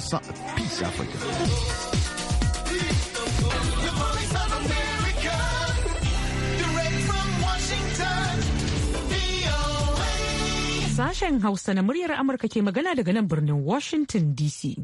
Peace Africa. Sashen Hausa na muryar Amurka ke magana daga nan birnin Washington DC.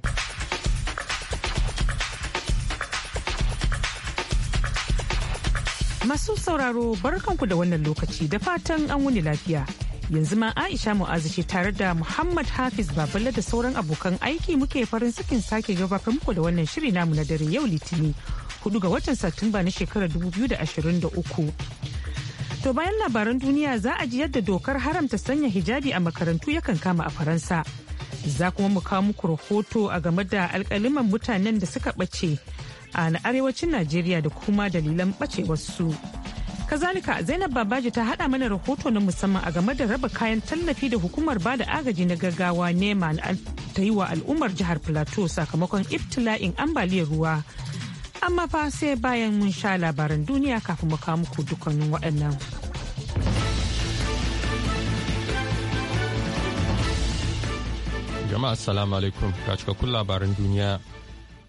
Masu sauraro barkanku da wannan lokaci da fatan an wuni lafiya. Yanzu ma Aisha Mu'azu ce tare da Muhammad Hafiz Baballe da sauran abokan aiki muke farin cikin sake gabatar muku da wannan shiri namu na dare yau litini 4 ga watan Satumba na shekarar 2023. To bayan labaran duniya za a ji yadda dokar haramta sanya hijabi a makarantu yakan kama a Faransa. Za kuma mu kawo muku rahoto a game da alkaliman mutanen da suka bace a arewacin Najeriya da kuma dalilan ɓacewarsu. su. Kazalika Zainab Babaji ta hada mana rahoto na musamman a game da raba kayan tallafi da hukumar ba da agaji na gaggawa nema ta yi wa al'ummar jihar Plateau sakamakon ibtila'in ambaliyar ruwa. Amma fa sai bayan mun sha labaran duniya kafin mu kawo muku dukkanin waɗannan. Jama'a assalamu alaikum ga cikakkun labaran duniya.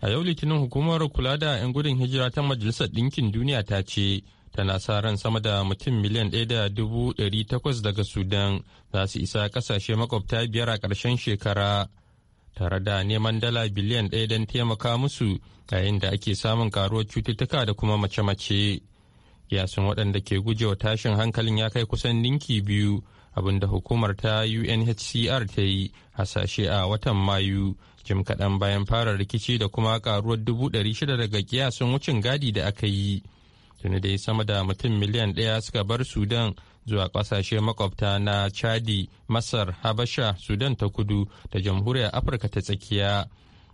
A yau litinin hukumar kula da 'yan gudun hijira ta Majalisar Ɗinkin Duniya ta ce tana sa ran sama da mutum miliyan ɗaya da dubu ɗari takwas daga sudan za su isa ƙasashe makwabta biyar a ƙarshen shekara tare da neman dala biliyan ɗaya don taimaka musu yayin da ake samun karuwar cututtuka da kuma mace-mace sun waɗanda ke gujewa tashin hankalin ya kai kusan ninki biyu abinda hukumar ta unhcr ta yi hasashe a watan mayu jim kaɗan bayan fara rikici da kuma karuwar dubu ɗari shida daga kiyasin wucin gadi da aka yi tuni dai sama da mutum miliyan ɗaya suka bar sudan zuwa ƙasashe makwabta na chadi masar habasha sudan ta kudu da jamhuriyar afirka ta tsakiya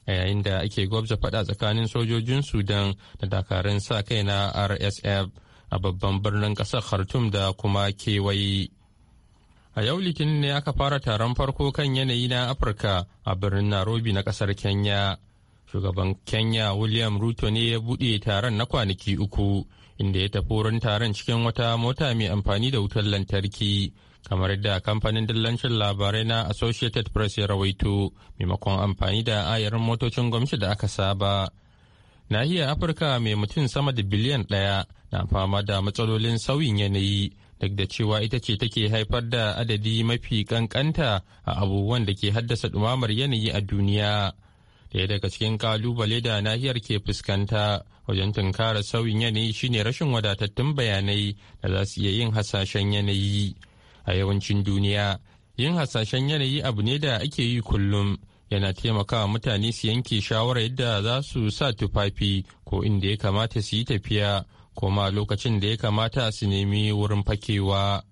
a yayin da ake gwabza faɗa tsakanin sojojin sudan da dakarun sa kai na rsf a babban birnin ƙasar khartoum da kuma kewaye a yau litinin ne aka fara taron farko kan yanayi na afirka a birnin narobi na ƙasar kenya shugaban kenya william ruto ne ya buɗe taron na kwanaki uku inda ya tafi wurin taron cikin wata mota mai amfani da wutar lantarki kamar yadda kamfanin dillancin labarai na associated press ya rawaito maimakon amfani da ayarin motocin gwamnati da aka saba nahiyar afirka mai mutum sama da biliyan daya na fama da matsalolin sauyin yanayi duk da cewa ita ce take haifar da adadi mafi kankanta a abubuwan da ke haddasa dumamar yanayi a duniya daya daga cikin kalubale da nahiyar ke fuskanta wajen tunkara sauyin yanayi shine rashin wadatattun bayanai da za su iya yin hasashen yanayi a yawancin duniya yin hasashen yanayi abu ne da ake yi kullum yana taimakawa mutane su yanke shawarar yadda za su sa tufafi ko inda ya kamata su yi tafiya ko ma lokacin da ya kamata su nemi wurin fakewa.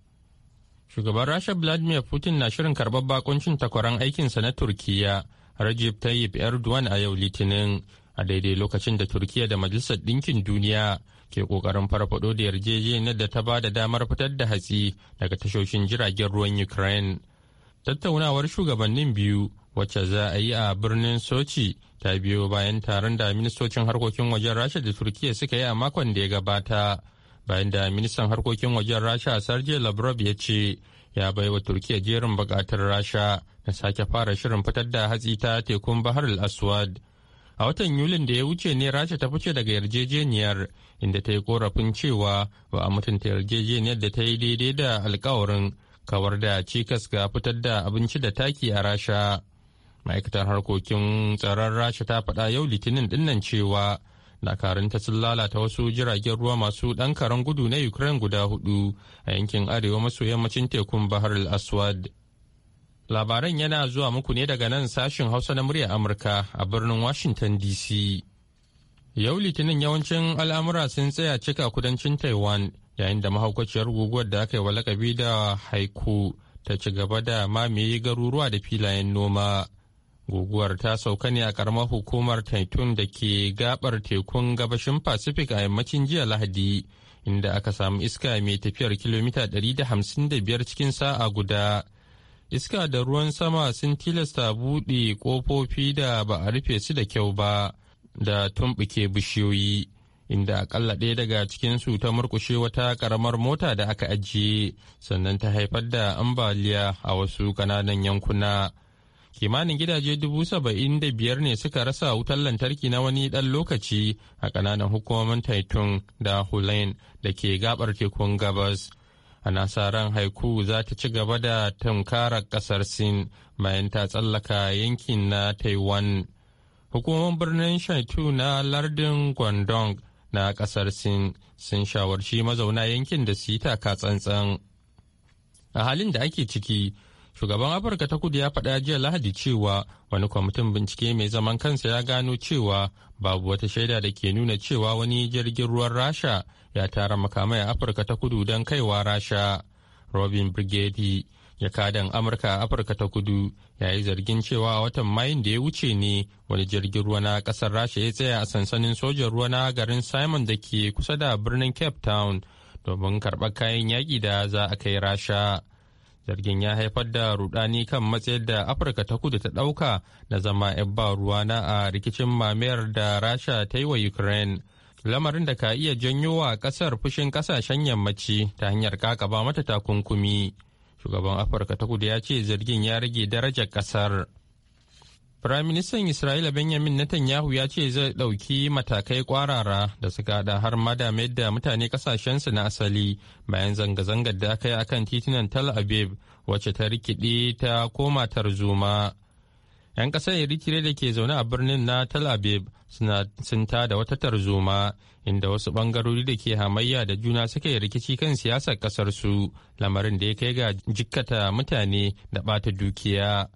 Shugaban Rasha Vladimir Putin na shirin karɓar bakoncin takwaran aikinsa na Turkiyya Rajib Tayyip Erdogan a yau Litinin a daidai lokacin da turkiya da majalisar ɗinkin duniya ke ƙoƙarin farfaɗo da yarjejeniyar da ta ba da damar fitar da hatsi daga tashoshin jiragen ruwan ukraine tattaunawar shugabannin biyu wacce za a yi a birnin sochi ta biyo bayan taron da ministocin harkokin wajen rasha da turkiya suka yi a makon da ya gabata bayan da ministan harkokin wajen rasha sarje lavrov ya ce ya bai wa turkiya jerin bukatar rasha na sake fara shirin fitar da hatsi ta tekun bahar al-aswad a watan yulin da ya wuce ne rasha ta fice daga yarjejeniyar inda ta yi korafin cewa ba a mutunta yarjejeniyar da ta yi daidai da alkawarin kawar da cikas ga fitar da abinci da taki a rasha ma'aikatar harkokin tsaron rasha ta faɗa yau litinin dinnan cewa ta sun lalata wasu jiragen ruwa masu ɗan karen gudu na ukraine guda hudu a yankin arewa maso yammacin tekun bahar al-aswad Labaran yana zuwa muku ne daga nan sashin Hausa na muryar Amurka a birnin Washington DC. Yau Litinin yawancin al'amura sun tsaya cika kudancin Taiwan yayin da mahaukaciyar guguwar da aka yi wa lakabi da haiku ta ci gaba da mamaye garuruwa da filayen noma. Guguwar ta sauka ne a karamar hukumar Taitun da ke gabar tekun gabashin Pacific a yammacin jiya Lahadi, inda aka samu iska mai tafiyar kilomita 155 cikin sa'a guda. iska da ruwan sama sun tilasta buɗe ƙofofi da ba a rufe su da kyau ba da tumɓuke bishiyoyi inda akalla ɗaya daga cikinsu ta murkushe wata ƙaramar mota da aka ajiye sannan ta haifar da ambaliya a wasu ƙananan yankuna kimanin gidaje dubu saba'in da biyar ne suka rasa wutar lantarki na wani ɗan lokaci a ƙananan hukumomin taitun da hulain da ke gabar tekun gabas a sa ran haiku za ta ci gaba da tunkarar kasar sin bayan ta tsallaka yankin na taiwan hukumomin birnin shaitu na lardin guangdong na kasar sin sun shawarci mazauna yankin da su yi taka tsantsan a halin da ake ciki shugaban afirka ta kudu ya faɗa jiya lahadi cewa wani kwamitin bincike mai zaman kansa ya gano cewa babu wata shaida da ke nuna cewa wani jirgin ruwan rasha ya tara makamai a afirka ta kudu don kaiwa rasha robin brigadi jakadan amurka a afirka ta kudu ya yi zargin cewa a watan mayin da ya wuce ne wani jirgin ruwa na kasar rasha ya tsaya a sansanin sojan ruwa na garin simon da ke kusa da birnin cape town domin karɓar kayan yaƙi da za a kai rasha zargin ya haifar da rudani kan matsayar da afirka ta kudu ta ɗauka na zama 'yan ba ruwana a rikicin mamayar da rasha ta yi wa ukraine lamarin da ka iya janyo wa kasar fushin kasashen yammaci ta hanyar kakaba mata takunkumi shugaban afirka ta kudu ya ce zargin ya rage darajar kasar Firaministan Isra'ila Benjamin Netanyahu ya ce zai ɗauki matakai kwarara da suka haɗa har ma da mayar da mutane ƙasashensu na asali bayan zanga-zangar da aka yi akan titunan Tal Aviv wacce ta rikide ta koma tarzoma. 'yan ƙasar eritrea da ke zaune a birnin na tel aviv sun da wata tarzoma inda wasu ɓangarori da ke hamayya da juna suka yi rikici kan siyasar ƙasar su lamarin da ya kai ga jikkata mutane da bata dukiya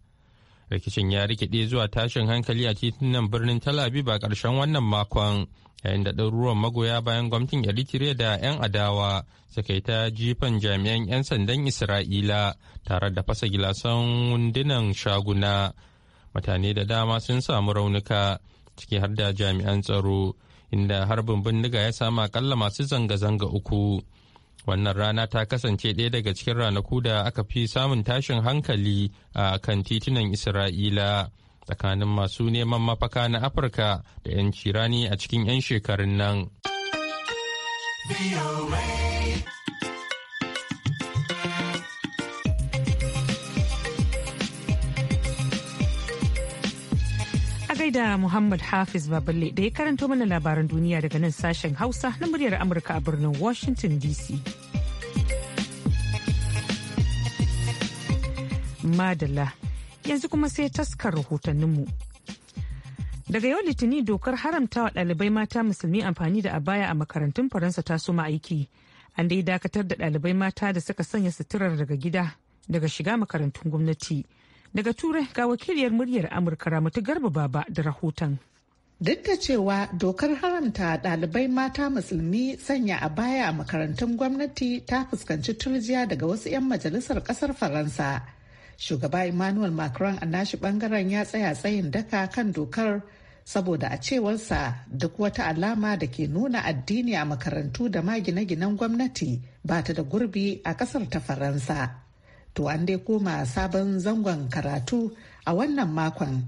rikicin ya rikide zuwa tashin hankali a titunan birnin tel aviv a ƙarshen wannan makon yayin da ɗaruruwan magoya bayan gwamnatin eritrea da 'yan adawa suka yi ta jifan jami'an 'yan sandan isra'ila tare da fasa gilasan wundunan shaguna mutane da dama sun samu raunuka ciki har da jami'an tsaro inda harbin bindiga ya samu akalla masu zanga-zanga uku wannan rana ta kasance ɗaya daga cikin ranaku da aka fi samun tashin hankali a kan titunan isra'ila tsakanin masu neman mafaka na afirka da 'yan cirani a cikin 'yan shekarun nan. da Muhammad Hafiz Baballe da ya karanto mana labaran duniya daga nan sashen Hausa na muryar Amurka a birnin Washington DC. madala yanzu kuma sai taskar rahotanninmu. Daga yau litinin dokar haramtawa ɗalibai mata musulmi amfani da abaya a makarantun Faransa ta soma aiki. An dai dakatar da ɗalibai mata da suka sanya suturar daga gida daga shiga makarantun gwamnati. Daga Turai ga wakiliyar muryar Amurka Ramatu Garba Baba da rahoton. Duk da cewa dokar haramta ɗalibai mata musulmi sanya a baya a makarantun gwamnati ta fuskanci turjiya daga wasu 'yan majalisar ƙasar Faransa. Shugaba Emmanuel Macron a nashi ɓangaren ya tsaya tsayin daka kan dokar saboda a cewarsa duk wata alama da ke nuna addini a makarantu da ma gine-ginen gwamnati ba ta da gurbi a ƙasar ta faransa to an dai koma sabon zangon karatu a wannan makon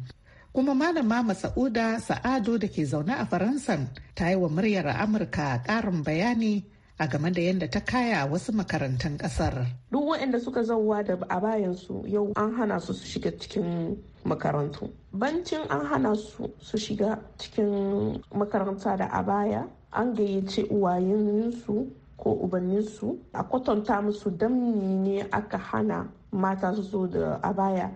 kuma malama masa'uda sa'ado da ke zaune a faransan ta yi wa muryar amurka karin bayani a game da yadda ta kaya wasu makarantun kasar duk waɗanda suka zauwa da a bayansu yau an hana su su shiga cikin makarantu bancin an hana su su shiga cikin makaranta da a baya an gayyace su. ko ubanninsu a kwatanta musu damni ne aka hana mata su zo da abaya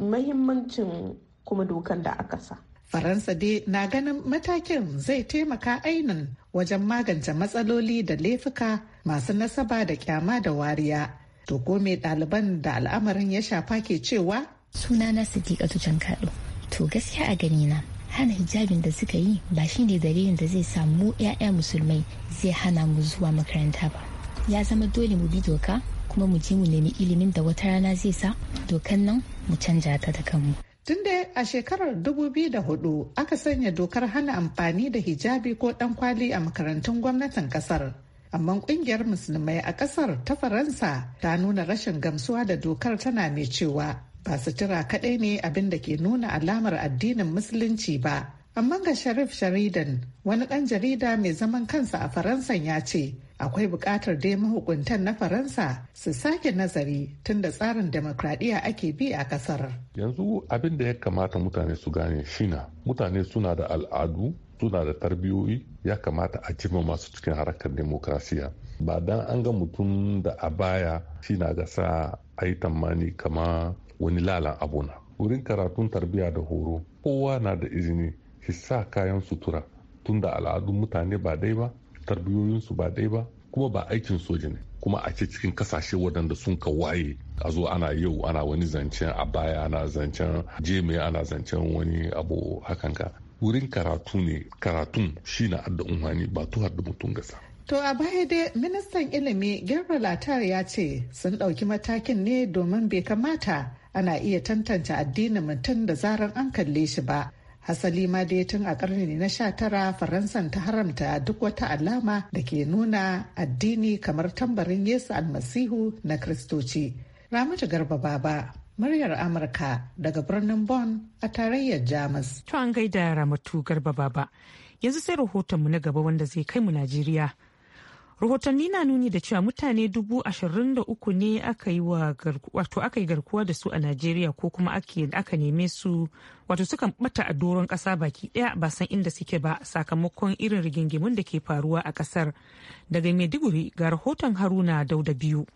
mahimmancin kuma dokan da aka sa faransa dai na ganin matakin zai taimaka ainin wajen magance matsaloli da laifuka masu nasaba da kyama da wariya to ko me ɗaliban da al'amarin ya shafa ke cewa suna na siddiqatu jankaɗo to gaskiya a ganina hana hijabin da suka yi ba shine dalilin da zai samu 'ya'ya musulmai zai hana mu zuwa makaranta ba ya zama dole mu bi doka kuma mu je mu nemi ilimin da wata rana zai sa dokan nan mu canja ta da kanmu Tun da a shekarar 2004 aka sanya dokar hana amfani da hijabi ko dan kwali a makarantun gwamnatin kasar. Amma kungiyar musulmai a kasar ta Faransa ta nuna rashin gamsuwa da dokar tana mai cewa ba sutura kaɗai ne abin da ke nuna alamar addinin musulunci ba amma ga sharif sharidan wani ɗan jarida mai zaman kansa a faransa ya ce akwai buƙatar dai mahukuntan na faransa su sake nazari tunda tsarin demokradiyya ake bi a ƙasar yanzu abin da ya kamata mutane su gane shina mutane suna da al'adu suna da tarbiyoyi ya kamata a jima masu cikin harakar demokrasiya ba dan an ga mutum da a baya shi na gasa a yi tamani kama wani lalan abuna wurin karatun tarbiyya da horo kowa na da izini shi sa kayan sutura tun da al'adun mutane ba dai ba tarbiyoyinsu ba dai ba kuma ba aikin soja ne kuma a ce cikin kasashe wadanda sun ka waye a zo ana yau ana wani zancen a baya ana zancen jeme ana zancen wani abu hakan ka wurin karatu ne karatun shi na adda umarni ba tuhar da mutum gasa To a baya dai ministan ilimi Gerber Latar ya ce sun ɗauki matakin ne domin bai kamata ana iya tantance addinin mutum da zarar an kalle shi ba hasali ma dai tun a karni na sha tara faransan ta haramta duk wata alama da ke nuna addini kamar tambarin yesu almasihu na kristoci ramatu garba baba muryar amurka daga birnin Bon a tarayyar jamus to an gaida ramatu garba baba yanzu sai rahotonmu na gaba wanda zai kai mu najeriya rahotanni na nuni da cewa mutane dubu ashirin da uku ne aka yi wato aka yi garkuwa da su a najeriya ko kuma aka neme su wato sukan bata a doron kasa baki daya ba san inda suke ba sakamakon irin rigingimun da ke faruwa a kasar daga maiduguri ga rahoton haruna dauda biyu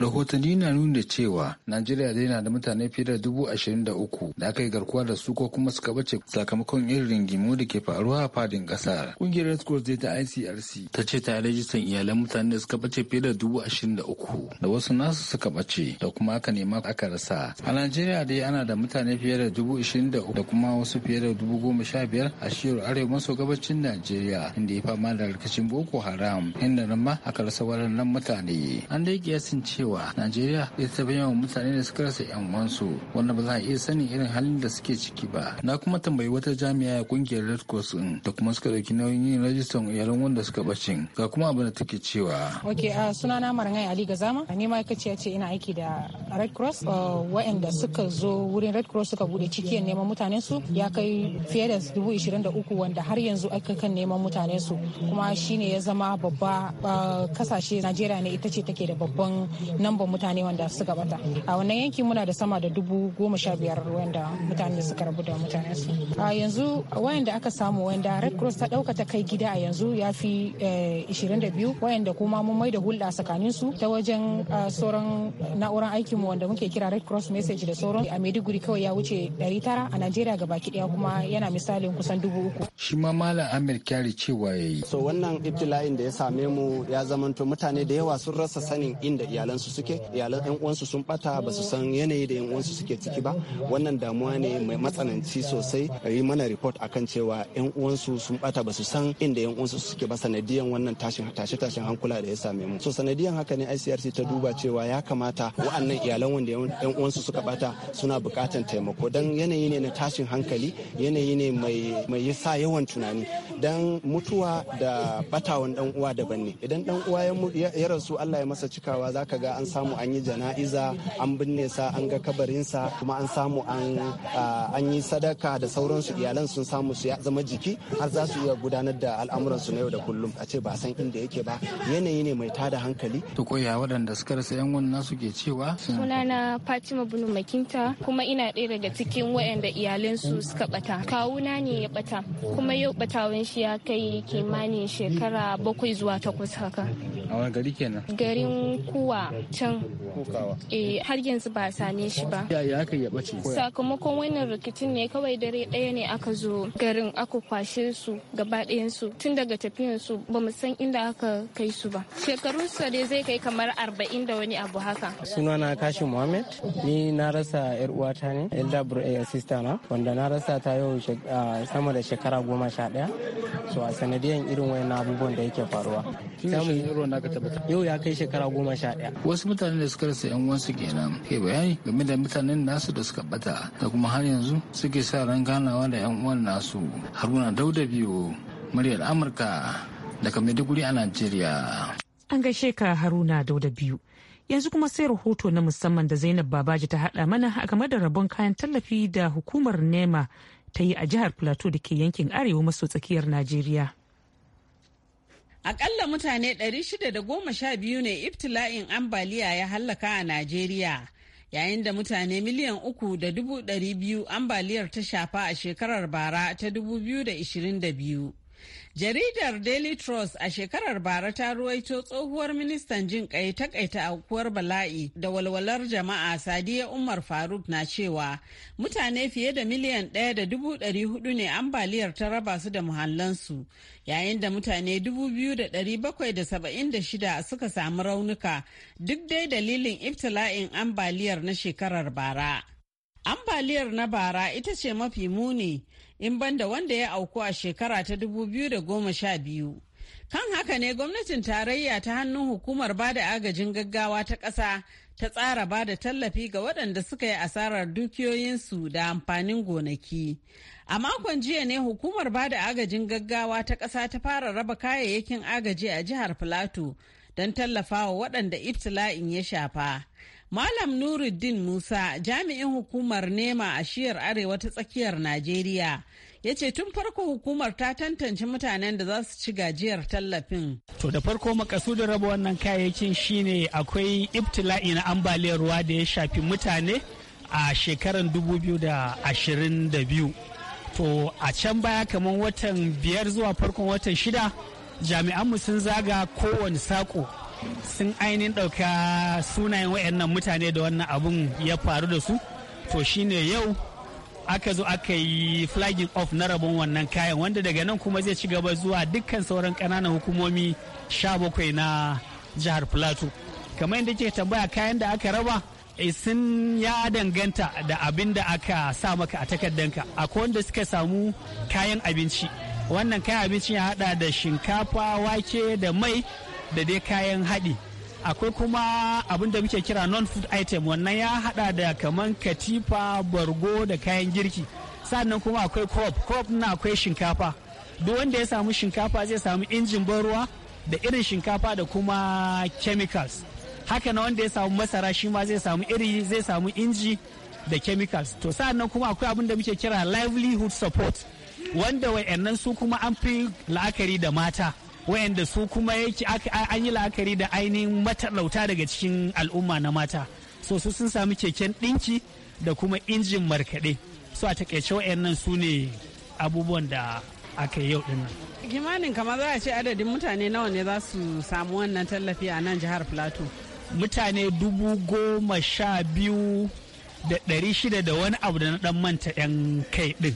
rahotanni na nuna da cewa najeriya dai na da mutane fiye da dubu ashirin da uku da aka yi garkuwa da su ko kuma suka bace sakamakon irin ringimu da ke faruwa a fadin kasar kungiyar red cross dai ta icrc ta ce ta rajistan iyalan mutane da suka bace fiye da dubu ashirin da uku da wasu nasu suka bace da kuma aka nema aka rasa a najeriya dai ana da mutane fiye da dubu ashirin da uku da kuma wasu fiye da dubu goma sha biyar a shiyar arewa maso gabacin najeriya inda ya fama da rikicin boko haram inda nan ma aka rasa waɗannan mutane an dai kiyasin ce cewa najeriya ita ta yawan mutane da suka rasa yan uwansu wanda ba za a iya sanin irin halin da suke ciki ba na kuma tambayi wata jami'a kungiyar red cross din da kuma suka dauki nauyin yin rajistan iyalan wanda suka bacin ga kuma abin da take cewa ok a sunana marangai ali gazama ni ma ya ce ina aiki da red cross uh, waɗanda suka zo wurin red cross suka bude cikiyar neman mutanen su ya kai fiye da dubu ishirin da uku wanda har yanzu aka kan neman mutanen su kuma shine ya zama babba uh, kasashe najeriya ne ita ce take da babban namban mutane wanda suka bata a wannan yanki muna da sama da dubu goma sha biyar wanda mutane suka rabu da mutane su a yanzu wayanda aka samu wanda red cross ta dauka ta kai gida a yanzu ya fi eh, ishirin da biyu wayanda kuma mun mai da hulɗa tsakanin su ta wajen eh, sauran na'uran aikinmu wanda muke kira red cross message da sauran a maiduguri kawai ya wuce tara a najeriya gaba daya kuma yana misalin kusan dubu uku shi ma malam amir kyari cewa ya yi so wannan ibtila'in da ya same mu ya zamanto mutane da yawa sun rasa sanin inda iyalan su suke iyalan yan uwansu sun bata ba su san yanayi da yan uwansu suke ciki ba wannan damuwa ne mai matsananci sosai a yi mana report akan cewa yan uwansu sun bata ba su san inda yan uwansu suke ba sanadiyan wannan tashin tashi tashin hankula da ya same mu so sanadiyan haka ne ICRC ta duba cewa ya kamata wa'annan iyalan wanda yan uwansu suka bata suna bukatan taimako dan yanayi ne na tashin hankali yanayi ne mai mai sa yawan tunani dan mutuwa da batawan dan uwa daban ne idan dan uwa ya rasu Allah ya masa cikawa zaka ga ga an samu an yi jana'iza an binne sa an ga kabarinsa kuma an samu an yi sadaka da sauransu iyalan sun samu su zama jiki har za su iya gudanar da al'amuransu na yau da kullum a ce ba san inda yake ba yanayi ne mai tada hankali. To koya waɗanda suka rasa yan wani nasu ke cewa. Sunana Fatima Bunu Makinta kuma ina ɗaya daga cikin waɗanda su suka ɓata. Kawuna ne ya ɓata kuma yau ɓatawan shi ya kai kimanin shekara bakwai zuwa takwas haka. A wani gari kenan? Garin Kuwa can eh, har yanzu ba a same shi ba sakamakon wannan rikicin ne kawai dare ɗaya ne aka zo garin aka kwashe su gaba su tun daga tafiyan su ba mu san inda aka kai su ba shekaru su dai zai kai kamar arba'in da wani abu haka sunana kashi muhammed ni na rasa yar uwata ne elda bro eh, sista na wanda na rasa ta yau sama da shekara goma sha ɗaya so a sanadiyan irin wayan abubuwan da yake faruwa yau ya kai shekara goma sha ɗaya wasu mutane da suka rasa yan uwansu kenan ke bayani game da mutanen nasu da suka bata da kuma har yanzu suke sa ran ganawa da yan uwan nasu haruna dauda biyu muryar amurka daga maiduguri a nigeria. an gaishe ka haruna dauda biyu yanzu kuma sai rahoto na musamman da zainab babaji ta hada mana a game da rabon kayan tallafi da hukumar nema ta yi a jihar plateau da ke yankin arewa maso tsakiyar najeriya Akalla mutane 612 ne ibtila'in ambaliya ya hallaka a Najeriya, yayin da mutane miliyan uku da dubu ɗari biyu ambaliyar ta shafa a shekarar bara ta 2022. Jaridar Daily Trust a shekarar bara ta ruwaito tsohuwar ministan jin kai takaita aukuwar bala'i da walwalar jama'a Sadiya Umar Faruk na cewa mutane fiye da miliyan ɗaya da dubu ɗari hudu ne ambaliyar ta raba su da muhallansu yayin da mutane dubu biyu da ɗari bakwai da saba'in da shida suka samu raunuka duk dai dalilin ibtila'in ambaliyar na shekarar bara. Ambaliyar na bara ita ce mafi muni in banda wanda ya auku a shekara ta 2012. Kan haka ne gwamnatin tarayya ta hannun hukumar bada agajin gaggawa ta ƙasa ta tsara bada tallafi ga waɗanda suka yi asarar dukiyoyinsu da amfanin gonaki. A makon jiya ne hukumar bada agajin gaggawa ta ƙasa ta fara raba kayayyakin agaji a jihar Filato don tallafawa waɗanda ibtila'in ya shafa. Malam Nuruddin Musa jami'in hukumar nema a shiyar arewa ta tsakiyar Najeriya ya ce tun farko hukumar ta tantance mutanen da za su ci gajiyar tallafin. To da farko makasudin raba wannan kayayyakin shine akwai ibtila'i na ambaliyar ruwa da ya shafi mutane a shekarar 2022. To a can baya kamar watan biyar zuwa farkon watan shida jami'anmu sun zaga kowane sako sun ainihin ɗauka sunayen wayannan mutane da wannan abun ya faru da su to shine yau aka zo aka yi flagging off na rabon wannan kayan wanda daga nan kuma zai ci gaba zuwa dukkan sauran ƙananan hukumomi sha bakwai na jihar plateau kamar yadda ke tambaya kayan da aka raba eh, sun ya danganta da abin da aka sa maka a takardanka akwai wanda suka samu kayan abinci wannan kayan abinci ya hada da shinkafa wake da mai da dai kayan haɗi akwai kuma abin da muke kira non-food item wannan ya haɗa da kaman katifa bargo da kayan girki sannan kuma akwai crop crop na akwai shinkafa duk wanda ya samu shinkafa zai samu injin ban ruwa da irin shinkafa da kuma chemicals haka na wanda ya samu masara shi ma zai samu iri zai samu inji da chemicals to sannan kuma akwai abin da muke kira livelihood support wanda wa'annan su kuma an fi la'akari da mata wayanda su kuma yake an yi la'akari da ainihin matalauta daga cikin al'umma na mata so su sun sami keken ɗinki da kuma injin markaɗe su a takaice wayannan su ne abubuwan da aka yi yau ɗin nan kimanin kamar za a ce adadin mutane nawa ne za su samu wannan tallafi a nan jihar plateau mutane dubu goma sha biyu da ɗari shida da wani abu da na ɗan manta 'yan kai ɗin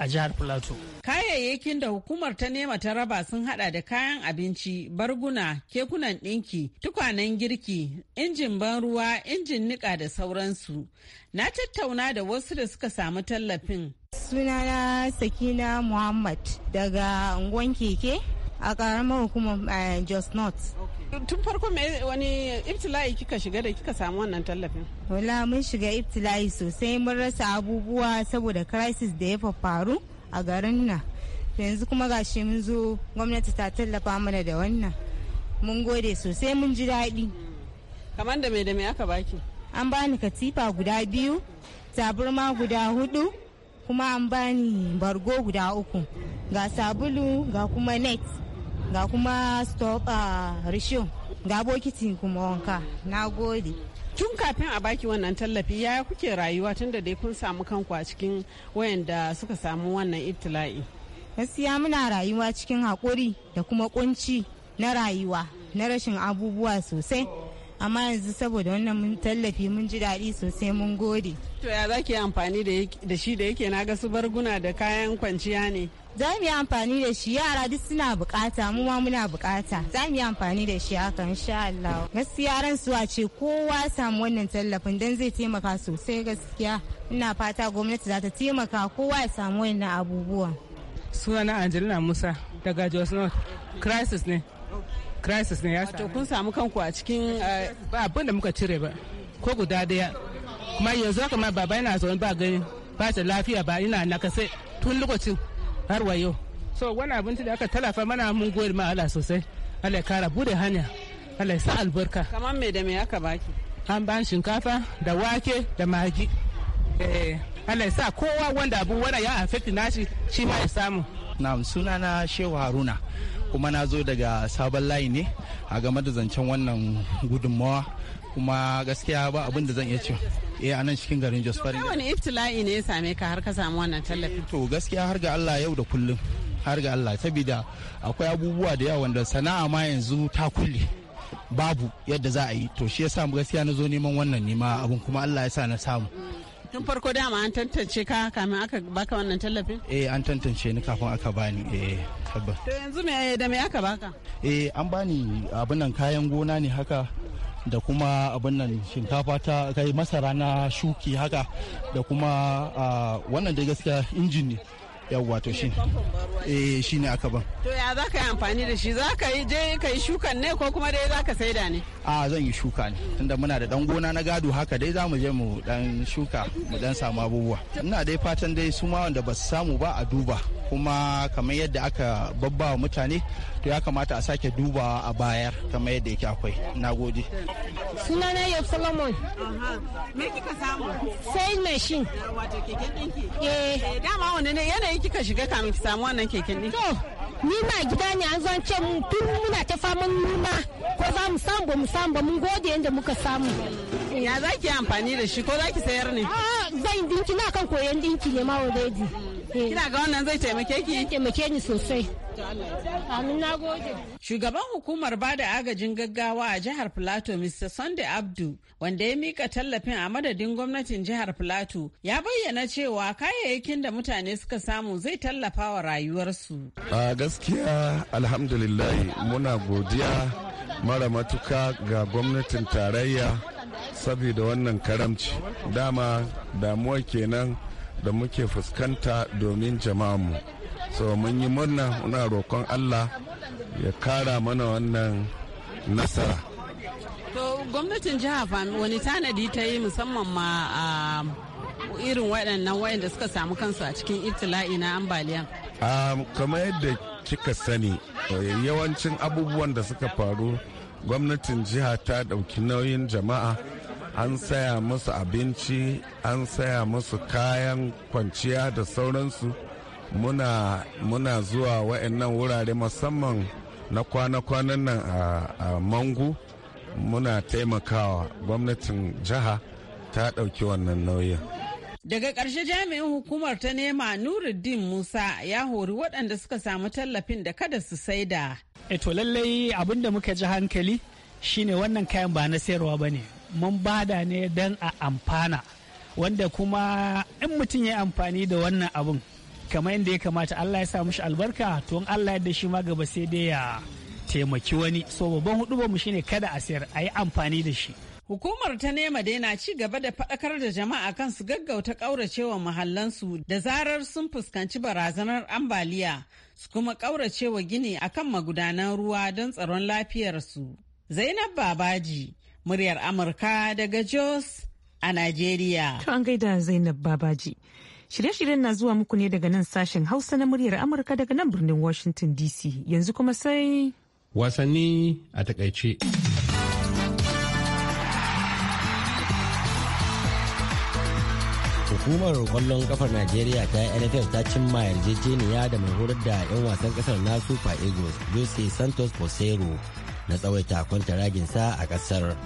a jihar Plateau. Kayayyakin da hukumar ta nema ta raba sun hada da kayan abinci, barguna, kekunan ɗinki, tukwanen girki, injin ban ruwa, injin niƙa da sauransu. Na tattauna da wasu da suka samu tallafin. Sunana Sakina Muhammad daga unguwan keke a karamar hukumar eh, Jos North. Tun farko wani iftila'i kika shiga da kika samu wannan tallafin? Wala mun shiga iftila'i sosai mun rasa abubuwa saboda crisis da ya faru a garin nan. Yanzu kuma gashi mun zo gwamnati ta tallafa mana da wannan. Mun gode sosai mun ji daɗi. Kamar da mai da mai aka baki? An bani katifa guda biyu, taburma guda hudu, kuma an bani bargo guda uku. Ga sabulu ga kuma net. ga kuma stop ah, risho ga bokiti kuma wanka na gode tun kafin a baki wannan tallafi yaya kuke rayuwa tun da dai kun samu kanku a cikin wayanda suka samu wannan ibtila'i gaskiya muna rayuwa cikin haƙuri da kuma kunci na rayuwa na rashin abubuwa sosai amma yanzu saboda wannan mun tallafi mun ji daɗi sosai mun gode. To ya za ki amfani da shi da yake na ga su barguna da kayan kwanciya ne? za mu yi amfani da shi yara duk suna bukata mu ma muna bukata za mu yi amfani da shi haka insha Allah gaskiya ran su a ce kowa samu wannan tallafin dan zai taimaka sosai gaskiya ina fata gwamnati za ta taimaka kowa ya samu wannan abubuwa sunana Angelina Musa daga Jos North crisis ne crisis ne ya wato kun samu kanku a cikin eh, eh, ba abin da muka cire ba ko guda daya kuma yanzu haka ma baba yana zaune ba gani ba ta lafiya ba ina nakasai tun lokacin har wayo so wani abinci da aka talafa mana mun goyi ma Allah sosai Allah ya kara bude hanya Allah ya sa albarka kamar me da me aka baki an ban shinkafa da wake da magi eh Allah ya sa kowa wanda abu wanda ya affect nashi shi ma ya samu na'am na Shehu Haruna kuma na zo daga sabon layi ne a game da zancen wannan gudunmawa kuma gaskiya ba abin da zan iya cewa eh a nan cikin garin Jos Farin. Wani iftila'i ne ya same ka har ka samu wannan tallafi? Eh, to gaskiya har ga Allah yau da kullum har ga Allah saboda akwai abubuwa da yawa wanda sana'a ma yanzu ta kulle babu yadda za a yi to shi yasa gaskiya na zo neman wannan nema abun kuma Allah ya sa na samu. tun farko dama an tantance ka kamin aka baka wannan tallafin? eh an tantance ni kafin aka bani eh tabbas to yanzu me da me aka baka eh an bani abin nan kayan gona ne haka da kuma abin shinkafa ta kai masara na shuki haka da kuma ah, wannan da gaskiya injin ne yawwa to shi eh shi ne aka ban to ya za ka yi amfani da shi za ka yi je ka yi shukan ne ko kuma dai za ka saida ne a zan yi shuka ne tunda muna da dan gona na gado haka dai za mu je mu dan shuka mu dan samu abubuwa ina dai fatan dai su ma wanda ba su samu ba a duba kuma kamar yadda aka babbawa mutane to ya kamata a sake duba a bayar kamar yadda yake akwai nagode. suna sunana ya solomon me kika samu sai mashin wato keken dinki eh. eh dama wannan yanayi. kika shiga kamin ki samu wannan keken ne? To, ni na gida ne an zan ce tun muna ta faman nuna ko za mu samu ba mu samu ba mun gode yadda muka samu. Ya za ki amfani da shi ko za ki sayar ne? A'a zan dinki na kan koyon dinki ne ma already. Eh. Kina ga wannan zai taimake ki? Taimake ni sosai. Shugaban hukumar bada agajin gaggawa a jihar Filato Mr. Sunday Abdu wanda ya mika tallafin a madadin gwamnatin jihar Filato ya bayyana cewa kayayyakin da mutane suka samu zai tallafa wa rayuwarsu. A gaskiya alhamdulillahi muna godiya mara matuka ga gwamnatin tarayya saboda wannan karamci dama damuwa kenan da muke fuskanta domin jama'anmu so mun yi murna muna roƙon allah ya kara mana wannan nasara to gwamnatin jiha wani tanadi ta yi musamman ma a irin waɗannan wayanda suka samu kansu a cikin itila'i na ambaliyan kamar yadda kika sani eh, yawancin abubuwan da suka faru gwamnatin jiha ta ɗauki nauyin jama'a an saya musu abinci an saya musu kayan kwanciya da sauransu muna, muna zuwa wa'annan wurare musamman na kwana-kwanan nan a, a mangu muna taimakawa gwamnatin jiha ta ɗauki wannan nauyin daga karshe jami'in hukumar ta nema nuruddin musa ya hori waɗanda suka samu tallafin da kada su saida. e to lallai abinda muka ji hankali shine wannan kayan ba na sayarwa ba ne mun bada ne don a amfana wanda kuma in mutum ya amfani da wannan abun kamar yadda ya kamata Allah ya sa mushi albarka to in Allah yadda shi ma gaba sai dai ya taimaki wani so babban hudu mu shine kada a sayar a yi amfani da shi Hukumar ta nema dai na ci gaba da faɗakar da jama'a kan su gaggauta ƙauracewa mahallansu da zarar sun fuskanci barazanar ambaliya su kuma ƙauracewa gini akan magudanan ruwa don tsaron lafiyarsu. Zainab Babaji, muryar Amurka daga Jos a Najeriya. To an gaida Zainab Babaji. Shirye-shiryen na zuwa muku ne daga nan sashen Hausa na muryar Amurka daga nan birnin Washington DC. Yanzu kuma sai. Wasanni a takaice. hukumar kwallon kafar najeriya ta nff ta cimma yarjejeniya da mai horar da 'yan wasan kasar nasu super eagles jose santos posero na tsawaita kwantaraginsa a kasar.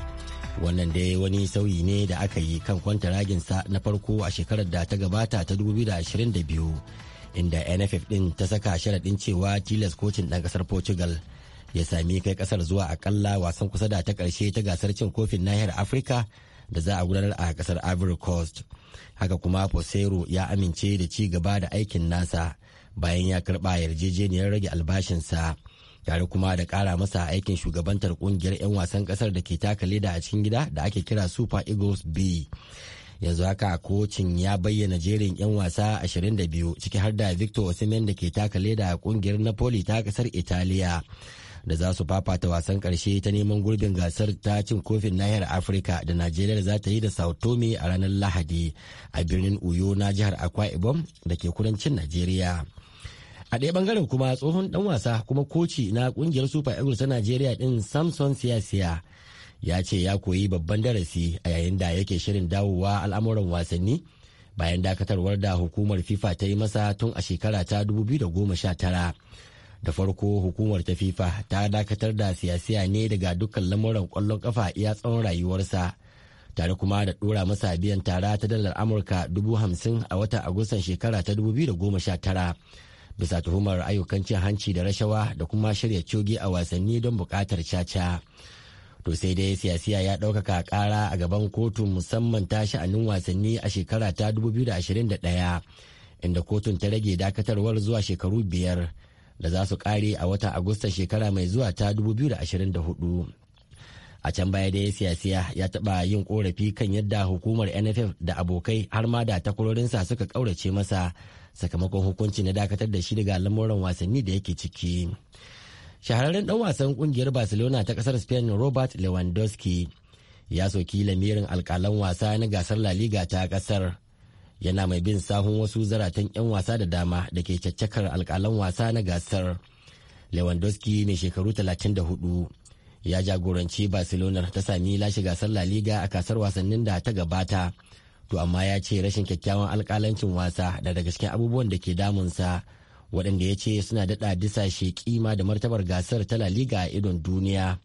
Wannan dai wani sauyi ne da aka yi kan kwantaraginsa na farko a shekarar da ta gabata ta 2022 inda NFF ɗin ta saka sharaɗin cewa tilas kocin ɗan ƙasar Portugal ya sami kai ƙasar zuwa akalla wasan kusa da ta ƙarshe ta gasar cin kofin nahiyar Afirka da za a gudanar a kasar Ivory Coast. Haka kuma Posero ya amince da ci gaba da aikin nasa bayan ya karɓa yarjejeniyar rage albashinsa. yare kuma da kara masa aikin shugabantar kungiyar 'yan wasan kasar da ke taka leda a cikin gida da ake kira super eagles b yanzu haka kocin ya bayyana jerin 'yan wasa 22 ciki har da victor osimhen da ke taka leda a kungiyar napoli ta kasar italiya da za su fafata wasan karshe ta neman gurbin gasar ta cin kofin nahiyar afirka da najeriya za ta yi da sao tome a ranar lahadi a birnin uyo na jihar akwa ibom da ke kudancin najeriya a ɗaya bangaren kuma tsohon dan wasa kuma koci na kungiyar super eagles ta najeriya din samson siyasiya ya ce ya koyi babban darasi a yayin da yake shirin dawowa al'amuran wasanni bayan dakatarwar da hukumar fifa ta yi masa tun a shekara ta 2019 da farko hukumar ta fifa ta dakatar da siyasiya ne daga dukkan lamuran kwallon kafa iya tsawon rayuwarsa tare kuma da dora masa biyan tara ta dalar amurka 50,000 a watan agustan shekara ta 2019 bisa tuhumar ayyukan cin hanci da rashawa da kuma shirya coge a wasanni don buƙatar caca. to sai dai siyasiya ya ɗaukaka ƙara a gaban kotun musamman ta sha'anin wasanni a shekara ta 2021 inda kotun ta rage dakatarwar zuwa shekaru biyar da za su ƙare a watan agusta shekara mai zuwa ta 2024 a can baya dai siyasiya ya taɓa yin korafi kan yadda hukumar nff da abokai har ma da takwarorinsa suka ƙaurace masa sakamakon hukunci na dakatar da shi daga lamuran wasanni da yake ciki shahararren ɗan wasan ƙungiyar barcelona ta ƙasar spain robert lewandowski ya soki lamirin alƙalan wasa na gasar la liga ta ƙasar. yana mai bin sahun wasu zaratan 'yan wasa da dama da ke caccakar alƙalan wasa na gasar lewandowski ne shekaru 34 ya jagoranci barcelona ta sami lashe gasar la liga a kasar wasannin da ta gabata to amma ya ce rashin kyakkyawan alkalancin wasa da daga cikin abubuwan da ke damunsa waɗanda ya ce suna daɗa disashe kima da martabar gasar ta La Liga a idon duniya.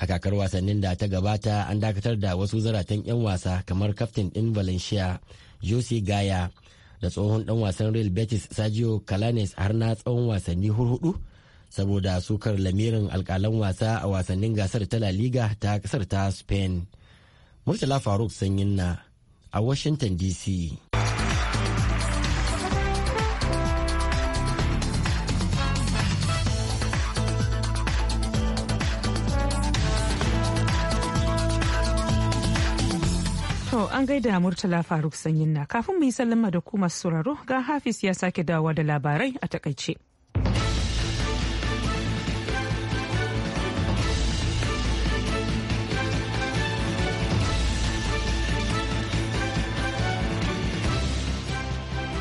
A kakar wasannin da ta gabata an dakatar da wasu zaratan 'yan wasa kamar kaftin ɗin Valencia Jose Gaya da tsohon ɗan wasan Real Betis Sergio Calanes har na tsawon wasanni hurhudu saboda sukar lamirin alkalan wasa a wasannin gasar ta La Liga ta kasar ta Spain. Murtala Faruk Sanyin na a Washington DC. To an gaida Murtala Faruk Sanyin na kafin mu yi sallama da kuma sauraro ga Hafiz ya sake dawowa da labarai a takaice.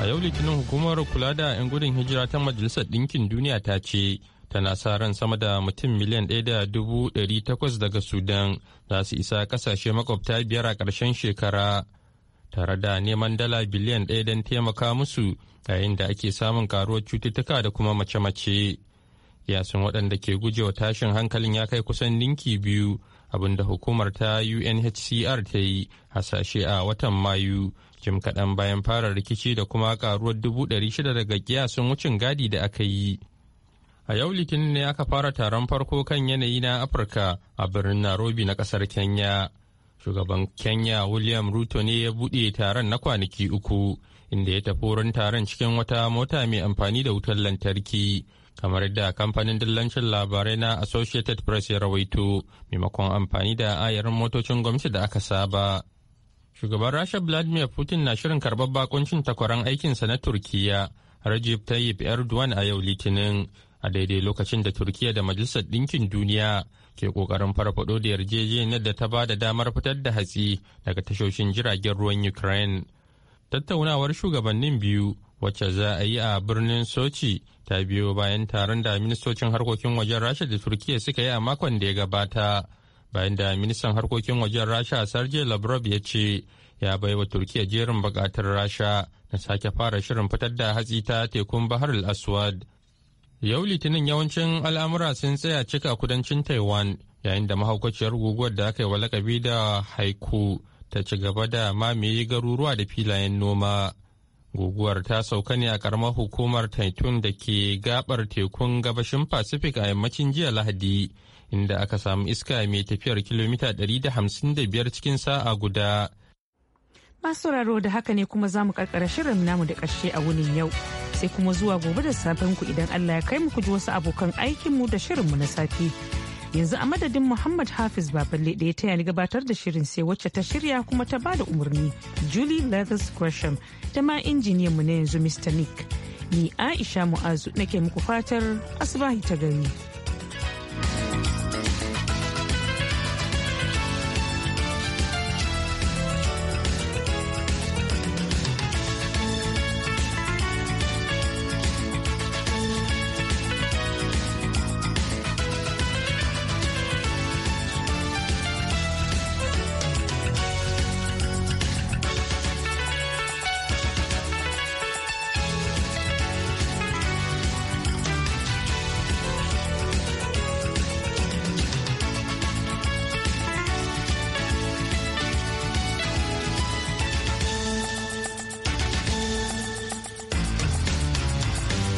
yau litinin hukumar kula da 'yan gudun hijira ta majalisar ɗinkin duniya ta ce tana sa ran sama da mutum miliyan ɗaya da dubu ɗari takwas daga sudan za su isa ƙasashe makwabta biyar a ƙarshen shekara tare da neman dala biliyan ɗaya don taimaka musu yayin da ake samun karuwar cututtuka da kuma mace-mace yasin waɗanda ke gujewa tashin hankalin ya kai kusan ninki biyu abinda hukumar ta unhcr ta yi hasashe a watan mayu jim kaɗan bayan fara rikici da kuma ƙaruwar dubu ɗari shida daga kiyasin wucin gadi da aka yi a yau litinin ne aka fara taron farko kan yanayi na afirka a birnin nairobi na ƙasar kenya shugaban kenya william ruto ne ya buɗe taron na kwanaki uku inda ya tafi wurin taron cikin wata mota mai amfani da wutar lantarki kamar yadda kamfanin dillancin labarai na associated press ya rawaito maimakon amfani da ayarin motocin gwamnati da aka saba shugaban rasha vladimir putin na shirin karɓar bakuncin takwaran aikinsa na turkiya rajib tayyip erdogan a yau litinin a daidai lokacin da turkiya da majalisar ɗinkin duniya ke ƙoƙarin farfaɗo da yarjejeniyar da ta ba da damar fitar da hatsi daga tashoshin jiragen ruwan ukraine tattaunawar shugabannin biyu wacce za a yi a birnin sochi ta biyo bayan taron da ministocin harkokin wajen rasha da turkiya suka yi a makon da ya gabata bayan da ministan harkokin wajen rasha sergey lavrov ya ce ya baiwa wa turkiya jerin bukatar rasha na sake fara shirin fitar da hatsi ta tekun bahar al-aswad yau litinin yawancin al'amura sun tsaya cika kudancin taiwan yayin da mahaukaciyar guguwar da aka yi wa da haiku ta ci gaba da mamaye garuruwa da filayen noma Guguwar ta sauka ne a karamar hukumar Taitun da ke gabar tekun gabashin Pacific a yammacin jiya Lahadi, inda aka samu iska mai tafiyar kilomita 155 cikin sa'a guda. Masu sauraro da haka ne kuma za mu karkara shirin namu da ƙarshe a wunin yau. Sai kuma zuwa gobe da safen ku idan Allah ya kai mu ku wasu abokan aikinmu da shirinmu na safe. yanzu a madadin muhammad hafiz baballe ɗaya taya ni gabatar da shirin sai wacce ta shirya kuma ta bada umarni julie leathers gresham ta ma injiniyan mu na yanzu mr nick ni aisha mu'azu nake muku fatar asibahi ta gari.